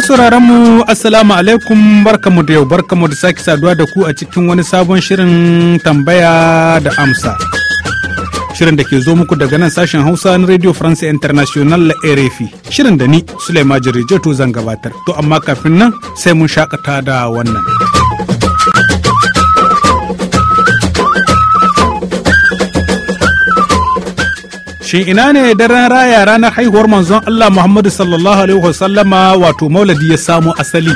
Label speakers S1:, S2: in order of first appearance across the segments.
S1: sauraron mu assalamu alaikum barkamu da yau barkamu da sake saduwa da ku a cikin wani sabon shirin tambaya da amsa. Shirin da ke zo muku daga nan sashen Hausa na Radio France International la RFI. Shirin da ni Suleiman to zan gabatar. To amma kafin nan sai mun shakata da wannan. shin ina ne daren raya ranar haihuwar manzon Allah Muhammadu sallallahu alaihi wasallama wato mauladi ya samo asali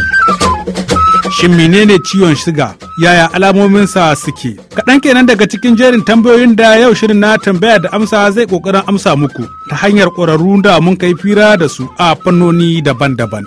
S1: shin menene ciwon shiga yaya alamominsa suke kaɗan kenan daga cikin jerin tambayoyin da yau shirin na tambaya da amsa zai ƙoƙarin amsa muku ta hanyar ƙwararru da mun kai fira da su a fannoni daban-daban.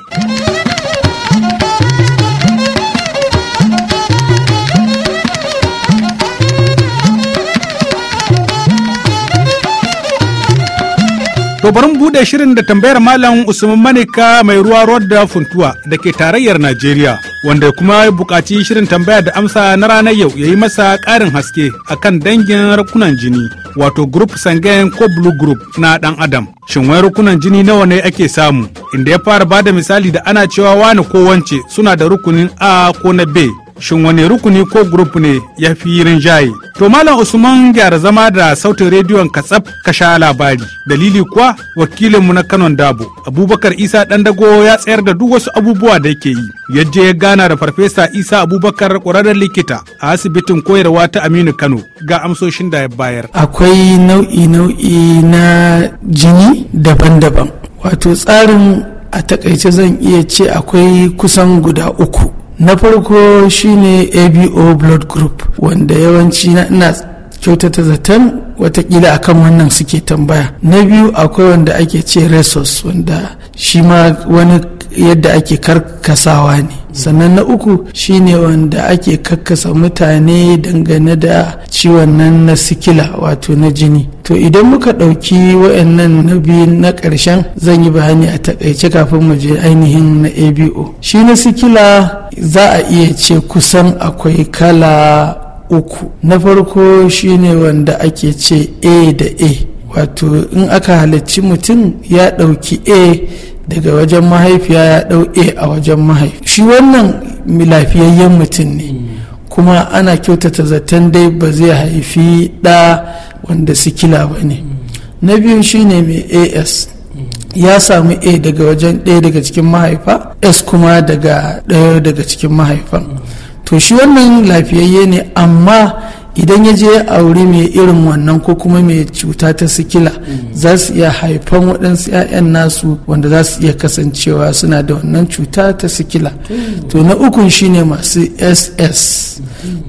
S1: To bari mu buɗe shirin da tambayar Malam Usman Manika mai ruwa da Funtuwa da ke tarayyar Najeriya, wanda kuma ya buƙaci shirin tambaya da amsa na ranar yau ya yi masa ƙarin haske akan dangin rukunan jini, wato group Sangen ko blue group na ɗan Adam. Shin wai rukunan jini nawa ne ake samu? Inda ya fara bada misali da ana cewa wani ko wance suna da rukunin A ko na B shin wani rukuni ko grup ne ya fi rinjaye to malam usman gyara zama da sautin rediyon katsaf ka sha labari dalili kuwa wakilinmu na kanon dabo abubakar isa dandago ya tsayar da duk wasu abubuwa da yake yi yadda ya gana da farfesa isa abubakar ƙwararren likita a asibitin koyarwa ta aminu kano ga amsoshin da ya bayar
S2: akwai nau'i nau'i na jini daban-daban wato tsarin a takaice zan iya ce akwai kusan guda uku na farko shine abo blood group wanda yawanci na ina kyautata zaton watakila akan wannan suke tambaya na biyu akwai wanda ake ce resource wanda shi ma wani yadda ake karkasawa ne sannan na uku shine wanda ake karkasa mutane dangane da ciwon nan na sikila wato na jini to idan muka ɗauki wa'annan na biyu na ƙarshen zan yi bayani a takaice kafin mu je ainihin na abo shi na sikila za a iya ce kusan akwai kala uku na farko shine wanda ake ce a da a wato in aka halarci mutum ya ɗauki a daga wajen mahaifiya ya ɗau a a wajen mahaifi shi wannan lafiyayyen mutum ne kuma ana kyautata zaton dai ba zai haifi ɗa wanda sikila ba ne na biyun shine mai as ya samu a daga wajen ɗaya daga cikin mahaifa s kuma daga ɗaya daga cikin mahaifan to shi wannan lafiyayye ne amma idan ya je aure mai irin wannan ko kuma mai cuta ta sikila za su iya haifan waɗansu 'ya'yan nasu wanda za su iya kasancewa suna da wannan cuta ta sikila to na ukun shine masu ss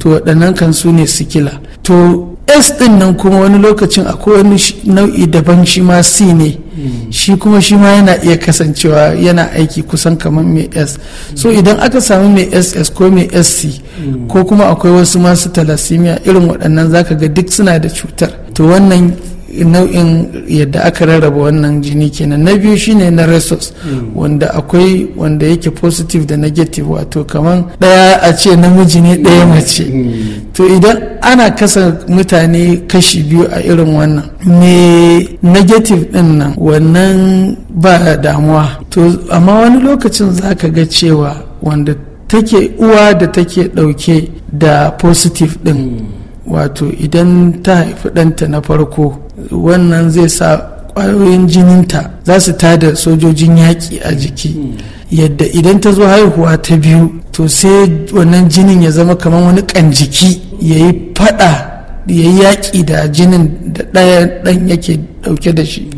S2: to waɗannan kan su ne sikila to s ɗin nan kuma wani lokacin akwai wani nau'i daban shi ma c ne shi kuma shi ma yana iya kasancewa yana aiki kusan kamar mai s so idan aka samu mai ss ko mai sc ko kuma akwai wasu masu talasimiya irin waɗannan zaka ga duk suna da cutar to wannan nau'in yadda aka rarraba wannan jini kenan na biyu shine na resus mm. wanda akwai wanda yake positive da negative wato kaman daya a ce namiji ne daya mm. mace mm. to idan ana kasa mutane kashi biyu a irin wannan me negative din nan wannan ba damuwa to amma wani lokacin za ka ga cewa wanda take uwa da take dauke da positive din wato idan ta haifi ɗanta na farko wannan zai sa kwayoyin jininta za su tada sojojin yaƙi a jiki yadda idan ta zo haihuwa ta biyu to sai wannan jinin ya zama kamar wani kan jiki ya yi fada ya yaƙi da jinin da ɗaya ɗan yake ɗauke da shi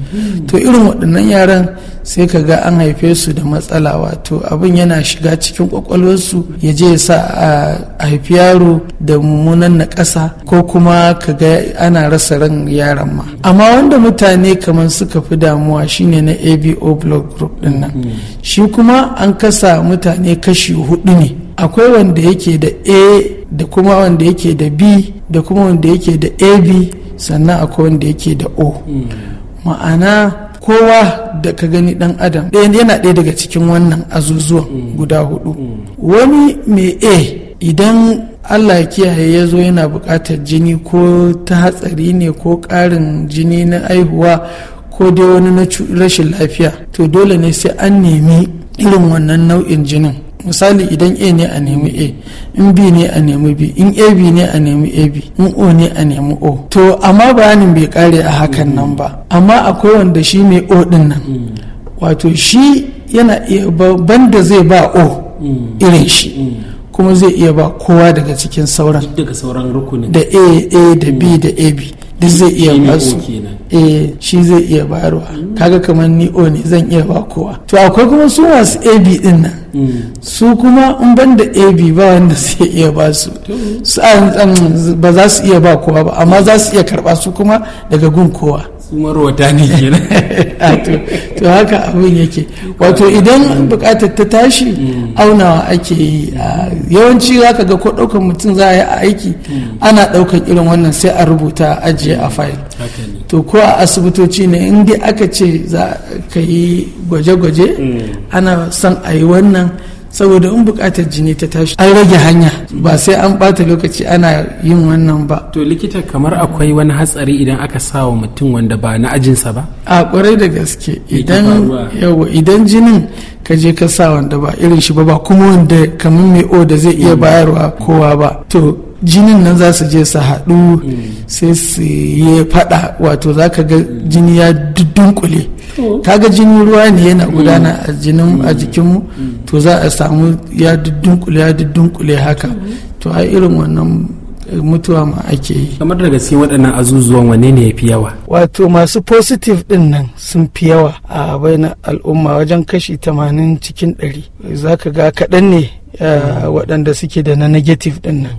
S2: to irin waɗannan yaran sai ka ga an haife su da matsala wato abin yana shiga cikin ƙwaƙwalwarsu ya je ya sa a haifi yaro da mummunan na ƙasa ko kuma ka ga ana rasa ran yaran ma amma wanda mutane kamar suka fi damuwa shine na abo block group ɗin nan shi kuma an kasa mutane kashi hudu ne akwai wanda yake da a da kuma wanda yake da b da kuma wanda yake da ab sannan akwai wanda yake da o ma'ana kowa da ka gani dan adam yana ɗaya daga cikin wannan azuzuwan guda hudu wani mai a idan allah ya kiyaye ya zo yana buƙatar jini ko ta hatsari ne ko ƙarin jini na aihuwa ko dai wani na rashin lafiya to dole ne sai an nemi irin wannan nau'in jinin misali idan a ne a nemi a in b ne a nemi b in b ne a nemi ab in o ne a nemi o to amma bayanin bai kare a hakan nan ba amma akwai wanda shi mai o din nan wato shi yana iya ban da zai ba o irin shi kuma zai iya ba kowa daga cikin sauran da a a da b da b duk zai iya basu eh shi zai iya bayarwa hmm. kaga kamar ni o ne zan iya ba kowa to akwai kuma su masu ab din nan hmm. su kuma in ban da ab ba wanda zai iya ba su ba za su iya ba kowa ba amma za su iya karba su kuma daga gun kowa
S3: su marwata ne kenan to
S2: haka abin yake wato idan bukatar ta tashi mm. aunawa ake yi yawanci zaka ga ko ɗaukar mutum za a yi aiki mm. ana ɗaukar irin wannan sai a rubuta ajiye a mm. fayil to ko a asibitoci ne in aka ce za ka yi gwaje-gwaje ana son a yi wannan saboda in bukatar jini ta tashi an rage hanya ba sai an bata lokaci ana yin wannan ba to likita kamar akwai wani hatsari idan aka sa wa mutum wanda ba na ajinsa ba a kwarai da gaske idan yawa idan jinin ka je ka sa wanda ba irin shi ba ba kuma wanda kamar mai o da zai iya hmm. bayarwa kowa ba to jinin nan za su je su haɗu hmm. sai su yi faɗa wato za ka ga jini ya dunkule kaga jini ruwa ne yana hmm. gudana a jinin a jikinmu to za a samu ya duddunkule ya haka to a irin wannan eh, mutuwa ma ake yi
S1: kamar daga cikin waɗannan azuzuwan
S2: wanne ne ya fi yawa wato masu positive ɗin nan sun fi yawa a bayan al'umma wajen kashi 80 cikin 100 za ka ga kaɗan ne eh, waɗanda suke da na negative ɗin nan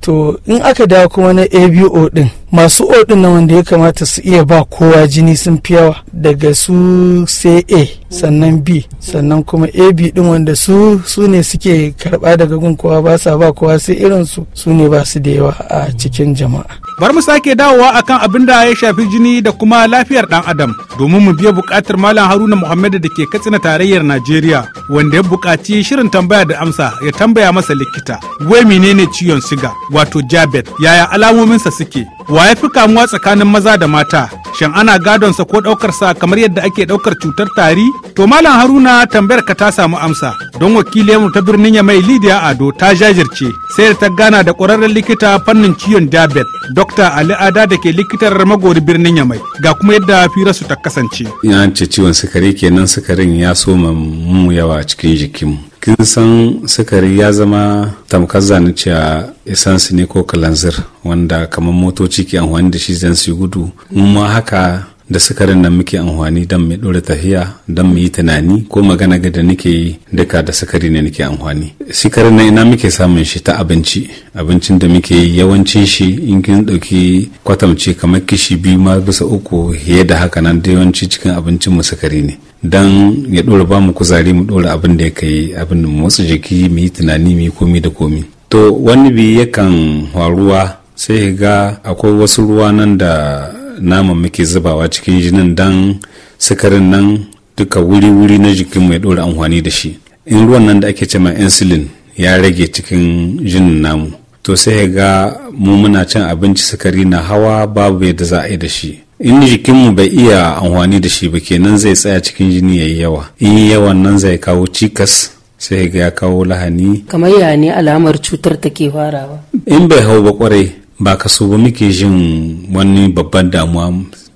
S2: to in aka dawo kuma na abo din masu o din na wanda ya kamata su iya ba kowa jini sun fi yawa daga su sai a sannan b sannan kuma ab din wanda su su ne suke karba daga gun kowa ba sa ba kowa sai irin su su ne ba su da yawa a cikin jama'a
S1: Bar mu sake dawowa akan abin da ya shafi jini da kuma lafiyar dan adam domin mu biya bukatar Malam Haruna Muhammadu da ke katsina tarayyar Najeriya wanda ya bukaci shirin tambaya da amsa ya tambaya masa likita. Wai menene ciwon siga wato jabet yaya alamominsa suke? Wa ya fi kamuwa tsakanin maza da mata? Shin ana gadonsa ko ɗaukarsa kamar yadda ake ɗaukar cutar tari? To Malam Haruna tambayar ka ta samu amsa don wakilinmu ta birnin ya mai Lidiya Ado ta jajirce sai da ta gana da ƙwararren likita fannin ciwon jabet dakta ali ada da ke likitar magori birnin yamai ga kuma yadda su ta kasance
S3: ina ce ciwon sukari kenan sukarin ya soma mu yawa cikin jikinmu kin san sukari ya zama tamkar zanen cewa isansu ne ko kalanzir wanda kamar motoci ke amfani da shi zan su gudu mu ma haka da sukarin nan muke amfani don mai ɗora tafiya don mu yi tunani ko magana ga da nake yi duka da sukari ne nake amfani sikarin nan ina muke samun shi ta abinci abincin da muke yi yawancin shi in kin ɗauki kwatamce kamar kishi biyu ma bisa uku fiye da haka nan da yawanci cikin abincin mu sukari ne dan ya ɗora ba mu kuzari mu ɗora abin da ya kai abin motsa jiki mu yi tunani mu yi komi da komi to wani bi yakan faruwa sai ga akwai wasu ruwa nan da naman muke zubawa cikin jinin dan sukarin nan duka wuri-wuri na jikin mai ɗora amfani da shi in ruwan nan da ake ma insulin ya rage cikin jinin namu to sai ya ga mu muna cin abinci sukari na hawa babu yadda za a yi da shi in jikinmu bai iya amfani da shi ba kenan zai tsaya cikin jini yayi yawa in yawan nan zai kawo cikas sai ya kawo lahani
S4: kamar ya ne alamar cutar take farawa in
S3: bai hau ba kwarai ba so ba muke jin wani babban damuwa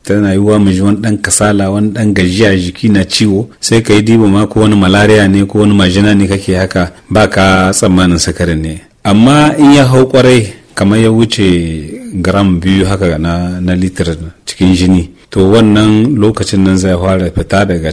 S3: tana yi wa mai wani dan kasala wani dan gajiya jiki na ciwo sai ka yi diba ma ko wani malaria ne ko wani majina ne kake haka ba ka tsammanin sakarin ne amma in ya hau kwarai kamar ya wuce gram biyu haka na, na litir cikin jini to wannan lokacin nan zai fara fita daga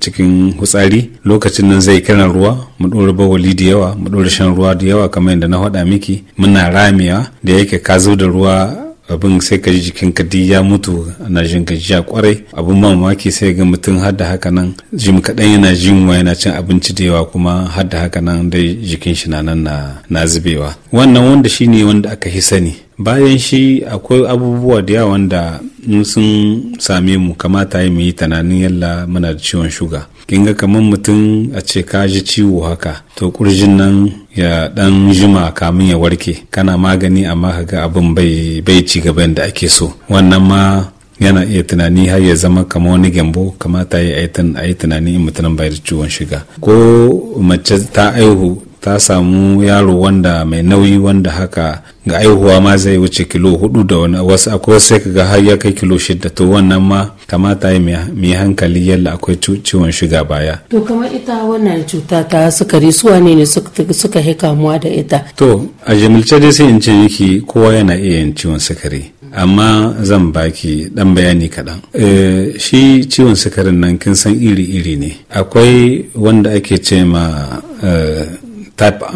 S3: cikin hutsari lokacin nan zai kiran ruwa mu ɗora bawali da yawa mu ɗora shan ruwa da yawa kamar yadda na faɗa miki muna ramewa da yake ka zo da ruwa abin sai ka ji jikin ka ya mutu ana jin gajiya kwarai abin mamaki sai ga mutum har da haka nan jim kaɗan yana jin wa yana cin abinci da yawa kuma har da haka nan dai jikin shi na nan na zubewa wannan wanda shine wanda aka hi sani bayan shi akwai abubuwa da yawan wanda sun same mu kamata yi mu yi tunanin yalla muna da ciwon shuga kin ga kamar mutum a ce ka ji ciwo haka to kurjin nan ya dan jima kamin ya warke kana magani amma kaga abin bai ci gaban da ake so wannan ma yana iya tunani har ya zama kama wani gyambo kamata ya yi tunani in mutum bai da ciwon shiga ko mace ta aihu ta samu yaro wanda mai nauyi wanda haka ga aihuwa ma zai wuce kilo hudu da wani wasu akwai sai kaga har ya kai kilo shida to wannan ma kamata ya mai hankali yalla akwai ciwon shiga baya
S4: to kamar ita wannan cuta ta sukari su ne ne suka yi kamuwa da ita
S3: to a jimilce dai sai in ce miki kowa yana iya yin ciwon sukari amma zan baki dan bayani kaɗan eh, shi ciwon sukarin nan kin san iri-iri ne akwai wanda ake ce ma eh, type,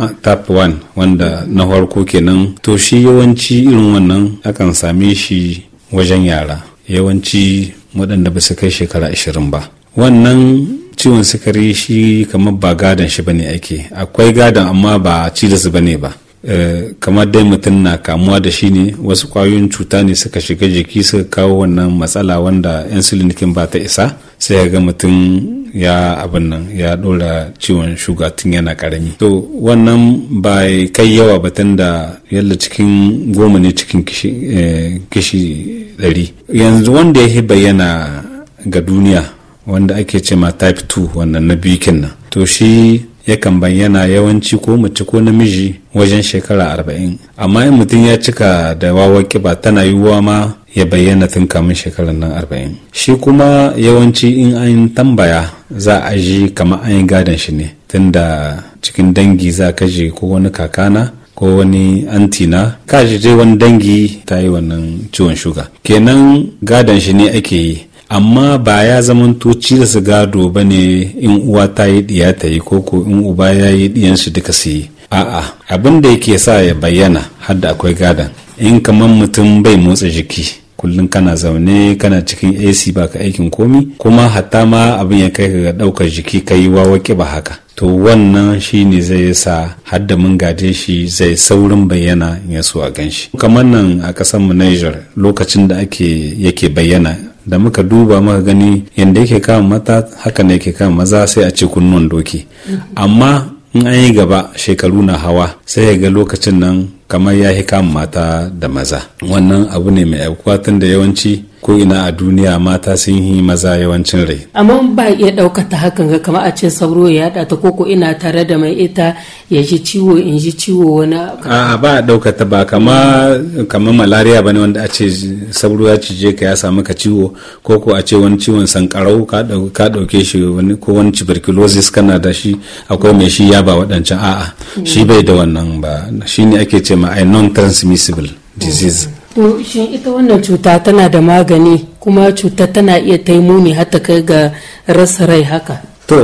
S3: 1 wanda na farko kenan to shi yawanci irin wannan akan same shi wajen yara yawanci waɗanda ba su kai shekara 20 ba wannan ciwon sukari shi kamar ba gadon shi bane ake akwai gadon amma ba cilis bane ba eh, kamar dai mutum na kamuwa da shi ne wasu kwayoyin cuta ne suka shiga jiki suka kawo wannan matsala wanda insulin ba ta isa sai ga mutum ya abin nan ya dora ciwon shuga tun yana karami to wannan ba kai yawa ba tun da yalla cikin goma ne cikin kishi eh, ɗari yanzu wanda ya bayyana ga duniya wanda ake ce ma type 2 wannan na biyu nan to shi yakan bayyana yawanci ko mace ko namiji wajen shekara arba'in amma in mutum ya cika da wawan kiba tana yiwuwa ma ya bayyana tun kamun shekarar nan arba'in shi kuma yawanci in an tambaya za a ji kamar an yi gadon shi ne tun cikin dangi za ka je ko wani kakana ko wani antina ka ji dai wani dangi ta yi wannan ciwon shuga kenan gadon shi ne ake yi amma ba ya da su gado ba ne in uwa ta yi diya ta yi koko in uba ya yi diyansu duka su yi a'a abin da yake sa ya bayyana hadda akwai gadon in kamar mutum bai motsa jiki kullum kana zaune kana cikin ac ba ka aikin komi kuma hatta ma abin ya kai ga ɗaukar jiki ka yi wawa ba haka to wannan shi ne zai sa hadda mun gaje shi zai saurin bayyana ya so a ganshi shi kamar nan a ƙasar mu niger lokacin da ake yake bayyana da muka duba muka gani yadda yake kama mata haka ne yake kama maza sai a ce kunnuwan doki amma in an yi gaba shekaru na hawa sai ya ga lokacin nan kamar ya hi kama mata da maza wannan abu ne mai abu da yawanci ko ina a duniya mata sun yi maza yawancin rai
S4: amma ba iya ɗaukata hakan ga kama a ce sauro ya ta koko ina tare da mai ita ya ji ciwo in ji ciwo wani
S3: a ba a ɗaukata ba kama kama malaria bane wanda a ce sauro ya cije ka ya samu ka ciwo koko a ce wani ciwon sankarau ka ɗauke shi wani ko wani tuberculosis kana da shi akwai mai shi ya ba waɗancan a'a shi bai da wannan ba shi ne ake ce ma non transmissible disease
S4: to shin ita wannan cuta tana da magani kuma cuta tana iya taimuni har kai ga rasa rai haka
S3: to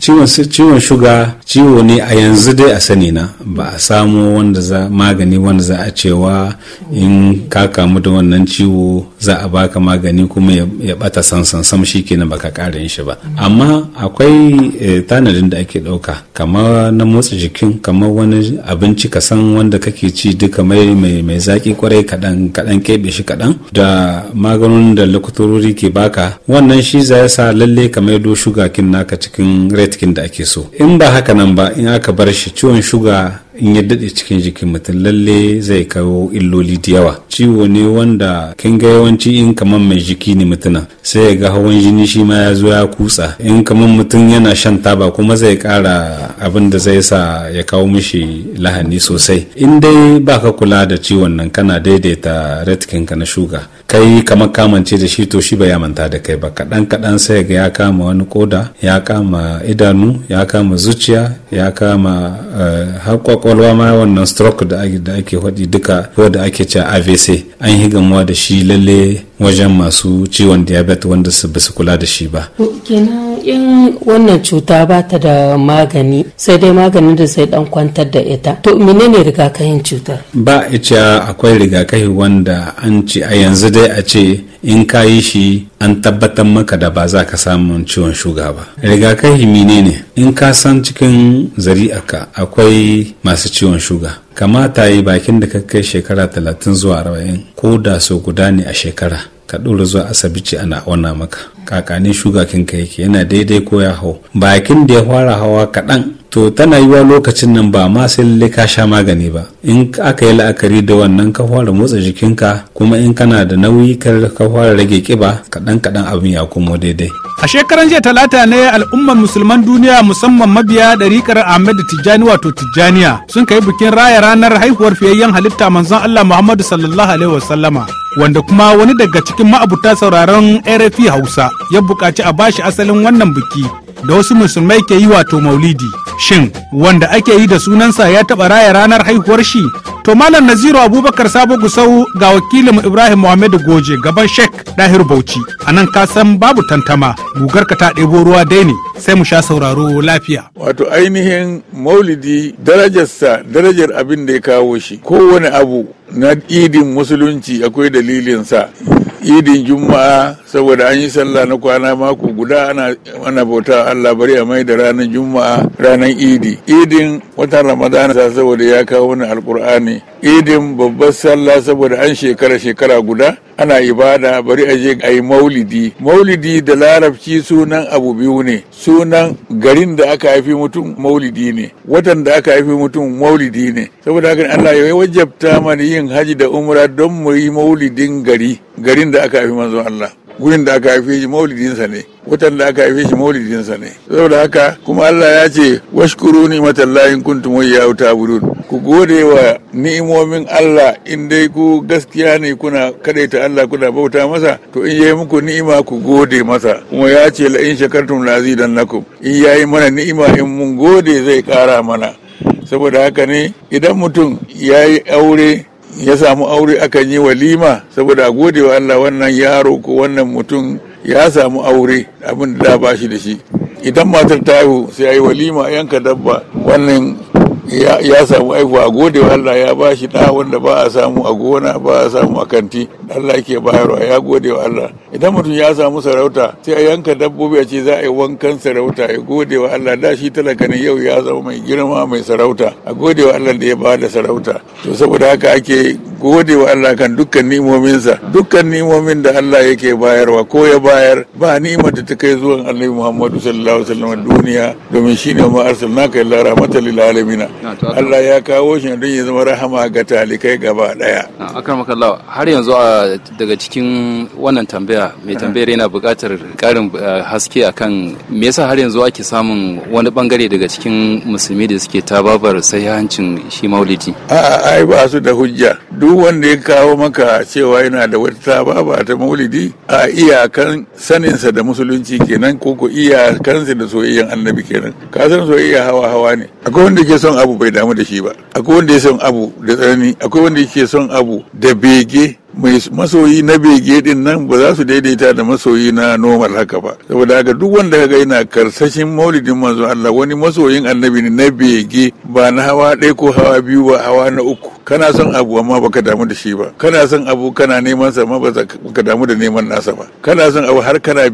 S3: ciwon shuga ciwo ne a yanzu dai a sani na ba a samo wanda za magani wanda za a cewa in ka kamu da wannan ciwo za a baka magani kuma ya bata sansan sam shi kenan baka ƙara yin shi ba amma akwai eh, tanadin da ake ɗauka kamar na motsa jikin kamar wani abinci ka san wanda kake ci duka mai mai zaki kwarai kaɗan kaɗan keɓe shi kaɗan da maganin da lokutorori ke baka wannan shi za ya sa lalle ka maido shuga kin naka cikin rai diabetic da ake so in ba haka nan ba in aka bar shi ciwon shuga in ya daɗe cikin jikin mutum lalle zai kawo illoli da yawa ciwo ne wanda kin ga yawanci in kaman mai jiki ne mutuna sai ga hawan jini shi ma ya zo ya kutsa in kaman mutum yana shan taba kuma zai kara abin da zai sa ya kawo mishi lahani sosai in dai ba ka kula da ciwon nan kana daidaita ka na shuga kai kamar kamance da shi to shi ba ya manta da kai ba kaɗan kaɗan sai ga ya kama wani koda ya kama idanu ya kama zuciya ya kama eh, haƙwaƙwa kwakwalwa ma wannan stroke da ake faɗi duka ko da ake cewa avc an yi gamuwa da shi lalle wajen masu ciwon diabetes wanda su basu kula da shi ba
S4: kenan in wannan cuta ba ta da magani sai dai magani da sai dan kwantar da ita to menene rigakafin cutar
S3: ba ce akwai rigakafi wanda an ce a yanzu dai a ce in ka yi shi an tabbatar maka da ba za ka samun ciwon shuga ba rigakafi menene in ka san cikin ka akwai masu ciwon shuga ta yi bakin da ka kai shekara talatin zuwa arba'in ko da sau guda ne a shekara ka ɗora zuwa asibiti ana auna maka kakane shugakin ka yake yana daidai ko ya hau bakin da ya fara hawa kaɗan to tana yiwa lokacin nan ba ma sai ka sha magani ba in aka yi la'akari da wannan ka fara motsa jikinka kuma in kana da nauyi kar ka fara rage kiba kaɗan kaɗan abin ya komo daidai
S1: a shekaran jiya talata ne al'ummar musulman duniya musamman mabiya ɗariƙar ahmed tijjani wato tijjaniya sun kai bikin raya ranar haihuwar fiyayyen halitta manzon allah muhammadu sallallahu alaihi wasallama wanda kuma wani daga cikin ma'abuta sauraron rfi hausa ya buƙaci a bashi asalin wannan biki da wasu musulmai ke yi wato maulidi shin wanda ake yi da sunansa ya taɓa raya ranar haihuwar shi to malam naziru abubakar sabo gusau ga wakilin ibrahim muhammadu goje gaban shek dahir bauchi a nan ka san babu tantama gugar ka ta ɗebo ruwa dai ne sai mu sha sauraro lafiya
S5: wato ainihin maulidi darajarsa darajar abin da ya kawo shi kowane abu na idin musulunci akwai dalilinsa idin juma'a saboda an yi sallah na kwana mako guda ana ana bauta Allah bari a mai da ranar juma'a ranar idi idin watan ramadana saboda ya kawo wani alkur'ani idin babbar sallah saboda an shekara shekara guda ana ibada bari aje a yi maulidi maulidi da larabci sunan abu biyu ne sunan garin da aka haifi mutum maulidi ne watan da aka haifi mutum maulidi ne saboda haka Allah ya wajabta mana yin haji da umra don mu yi maulidin gari garin da aka haifi manzon Allah gurin da aka haife shi maulidinsa ne watan da aka haife shi maulidinsa ne saboda haka kuma Allah ya ce washkuru ni matallahin mai ya wuta budun ku gode wa ni'imomin Allah in dai ku gaskiya ne kuna kadaita Allah kuna bauta masa to in yayi muku ni'ima ku gode masa kuma ya ce la in shakartum la nakum in yayi mana ni'ima in mun gode zai kara mana saboda haka ne idan mutum ya yi aure ya samu aure akan yi walima saboda a gode wa Allah wannan yaro ko wannan mutum ya samu aure abin da ba shi da shi idan matar ta haihu sai ayi walima yanka dabba wannan ya samu haihu a gode wa Allah ya ba shi da wanda ba a samu a gona ba a samu a kanti Allah ke bayarwa ya gode wa Allah idan mutum ya samu sarauta sai a yanka dabbobi a ce za a yi wankan sarauta ya gode wa Allah da shi talaka yau ya zama mai girma mai sarauta a gode wa Allah da ya ba da sarauta to saboda haka ake gode wa Allah kan dukkan nimominsa dukkan nimomin da Allah yake bayarwa ko ya bayar ba ni'imar da ta kai zuwan Annabi Muhammadu sallallahu alaihi wasallam duniya domin shine ma arsalnaka illa rahmatan lil alamin Allah ya kawo shi don ya zama rahama ga talikai gaba daya
S1: akarmaka Allah har yanzu daga cikin wannan tambaya tambaya mai tambayar yana buƙatar ƙarin eh, haske akan me yasa har yanzu ake samun wani bangare daga cikin musulmi da suke tababar hancin shi maulidi
S5: a'a ai ba su da hujja duk wanda ya kawo maka cewa yana da wata baba ta maulidi a iyakan saninsa da musulunci kenan ko ko sa da soyayyen annabi kenan ka san soyayya hawa hawa ne akwai wanda ke son abu bai damu da shi ba akwai wanda ya son abu da tsanani akwai wanda ke son abu da bege mai masoyi na bege din nan ba za su daidaita da masoyi na normal haka ba saboda haka duk wanda kaga yana karsashin maulidin manzon Allah wani masoyin annabi na bege ba na hawa ɗaya ko hawa biyu ba hawa na uku kana son abu amma baka damu da shi ba kana son abu kana neman sa amma baka damu da neman nasa ba kana son abu har kana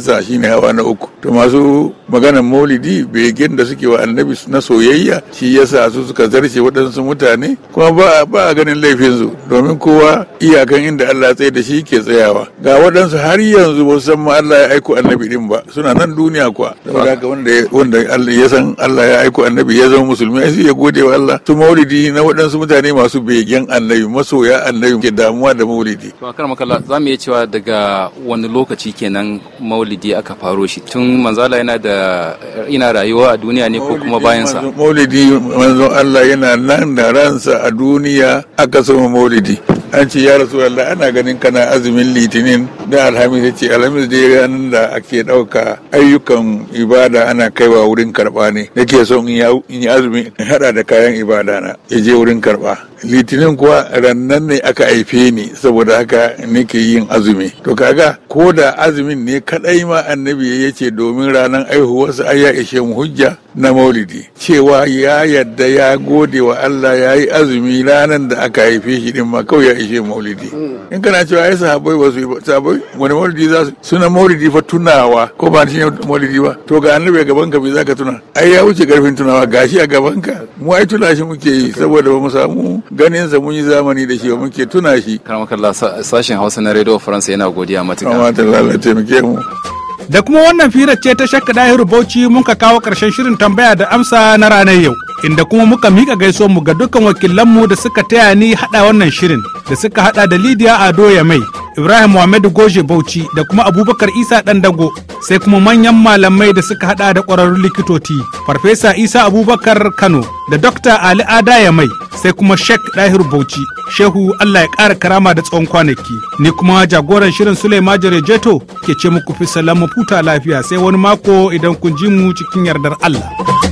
S5: sa shine hawa na uku to masu maganar maulidi begen da suke wa annabi na soyayya shi yasa su suka zarce waɗansu mutane kuma ba ba a ganin laifin su domin kowa iyakan inda Allah tsaye da shi ke tsayawa ga waɗansu har yanzu ba su san ma Allah ya aiko annabi din ba suna nan duniya kuwa saboda ga wanda wanda Allah ya san Allah ya aiko annabi ya zama musulmi sai ya gode wa Allah su maulidi na waɗansu mutane mutane masu begen annabi masoya annabi ke damuwa da maulidi
S1: to akar makalla za mu iya cewa daga wani lokaci kenan maulidi aka faro shi tun manzala yana da ina rayuwa a duniya ne ko kuma bayan
S5: maulidi manzon Allah yana nan da ransa a duniya aka sama maulidi an ce ya rasu Allah ana ganin kana azumin litinin da alhamis ya ce alhamis da ranar da ake ɗauka ayyukan ibada ana kaiwa wurin karɓa ne nake son in yi azumi in haɗa da kayan ibada na ya je wurin karɓa litinin kuwa rannan ne aka haife ni saboda haka nake yin azumi to kaga ko da azumin ne kaɗai ma annabi ya ce domin ranar aihuwarsa ai ya ishe mu hujja na maulidi cewa ya yadda ya gode wa Allah ya yi azumi ranar da aka haife shi din ma kawai ya ishe maulidi in kana cewa ya sahabai ba su yi sahabai wani maulidi za su suna maulidi fa tunawa ko ba shi maulidi ba to ga annabi a gaban ka bai zaka tuna ai ya wuce karfin tunawa gashi a gaban ka mu ai tuna shi muke yi saboda ba mu samu ganin sa mun yi zamani da shi ba muke tuna shi karamar sashen Hausa na Radio France yana godiya matuƙa. Kamata Allah ya
S1: taimake mu. da kuma wannan firar ce ta shakka dahiru bauchi muka kawo karshen shirin tambaya da amsa na ranar yau inda kuma muka miƙa gaiso mu ga dukkan wakilanmu da suka taya ni haɗa wannan shirin da suka haɗa da lidiya ado ya mai ibrahim muhammadu goje bauchi da kuma abubakar isa ɗan dago sai kuma manyan malamai da suka haɗa da ƙwararrun likitoci farfesa isa abubakar kano da dokta ali ada ya mai sai kuma shek dahiru bauchi shehu allah ya ƙara karama da tsawon kwanaki ni kuma jagoran shirin suleiman jarejeto ke ce muku fi salama futa lafiya sai wani mako idan kun ji mu cikin yardar allah